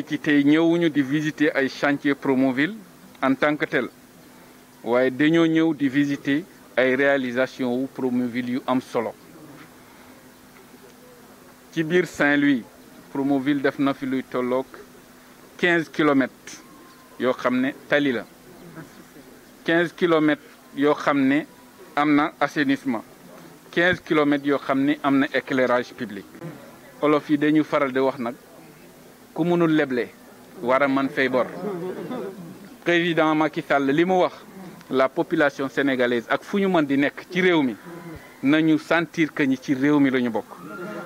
nous ci tey les di visiter ay chantier Promoville en tant que tel waye avons ñew di visiter ay réalisation wu Promoville yu am solo ci Saint-Louis Promoville def na fi luy tolok 15 km. yo xamne tali la 15 kilomètres yo xamne amna assainissement 15 km. yo xamne éclairage public olof yi dañu faral de wax ku mënul leble war fay bor président Macky Sall li wax la population sénégalaise ak fuñu man di nek ci réew nañu sentir que ñi ci réew mi la ñu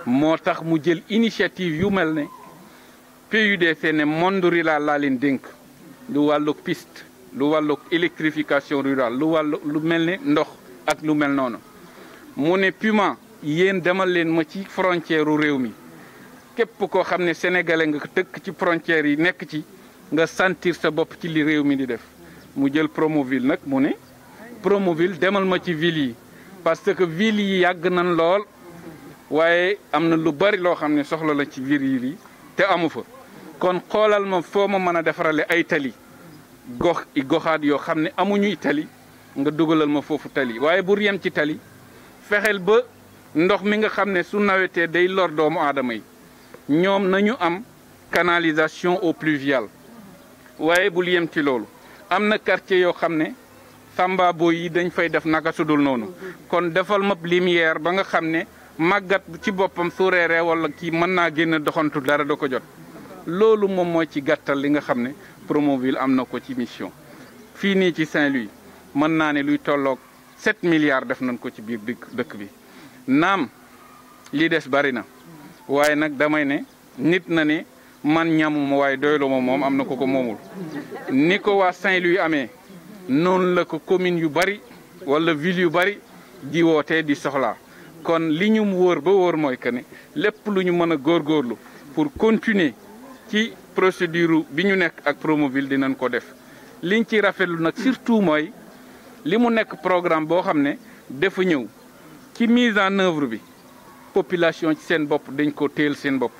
mu jël initiative yu melne. PUDC ne monde la la leen dénk lu piste lu wàllug électrification rurale lu wàllu lu mel ndox ak lu mel nonu mu ne Puma yeen demal len ma ci frontière képp koo xam ne sénégalais nga tëkk ci frontières yi nekk ci nga sentir sa bopp ci li réew mi di def mu jël Promoville nag mu ne Promoville demal ma ci ville yi parce que ville yi yàgg nan lool waaye am na lu bari loo xam ne soxla la ci ville yi te amu fa kon xoolal ma foo ma mën a defarale ay tali gox i goxaat yoo xam ne amuñuy tali nga dugalal ma foofu tali waaye bu yem ci tali fexeel ba ndox mi nga xam ne su nawetee day lor doomu aadama yi ñom nañu am canalisation au pluviale waye bu yem ci lolu am na quartier yo xamné samba boy yi dañ fay def naka sudul noonu kon defal ma lumière ba nga xamné magat ci bopam su réré wala ki mën na génn doxantu dara da ko jot lolu mom mo ci gattal li nga xamné Promoville am na ko ci mission fini nii ci Saint-Louis mën na né luy tolok 7 milliards def nañ ko ci biir dëkk bi nam li dess bari na waaye nag damay ne nit na ne man ñamuma waaye doylu moom moom am na ko ko moomul ni ko waa Saint-Louis amee noonu la ko commune yu bari wala ville yu bari di wootee di soxlaa kon li ñu wóor ba wóor mooy que ne lépp lu ñu mën a góor góorlu pour continuer ci procédure bi ñu nekk ak Promoville dinañ ko def liñ ci rafetlu nag surtout mooy li mu nekk programme boo xam ne def a ñëw ci mise en œuvre bi population ci sen bop dañ ko téyel sen bop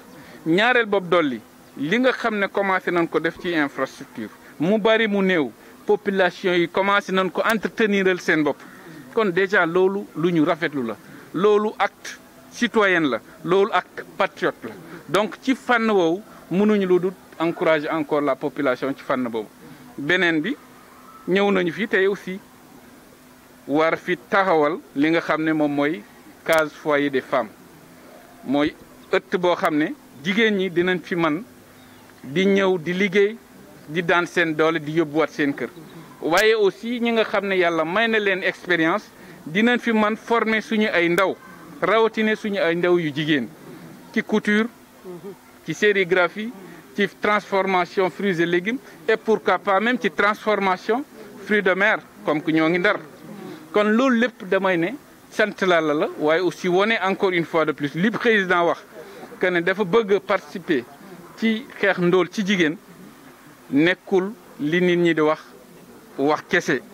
ñaarel bop doli li nga xam commencé nañ ko def ci infrastructure mu bari mu new population yi commencé nañ ko entreteniral sen bop kon déjà lolu luñu ñu rafetlu la lolu acte citoyen la lolu acte patriote la donc ci fann woowu mënuñu lu dul encourager encore la population ci fann boobu benen bi ñew nañu fi tay aussi war fi taxawal li nga xam mom moy case foyer des femmes moy eut bo xamné jigéen ñi dinañ fi man di ñëw di liggéey di daan seen doole di yóbbuwaat seen kër waaye aussi ñi nga xam ne yàlla may na leen expérience dinañ fi man former suñu ay ndaw rawatina suñu ay ndaw yu jigéen ci couture ci sérigraphie ci transformation fruits et légumes et pourquoi pas même ci transformation fruits de mer comme que ñoo ngi ndar kon loolu lépp damay ne sant la la waaye aussi woné encore une fois de plus li président wax que né dafa bëgg participer ci xex ndol ci jigen nekul li nit ñi di wax wax kessé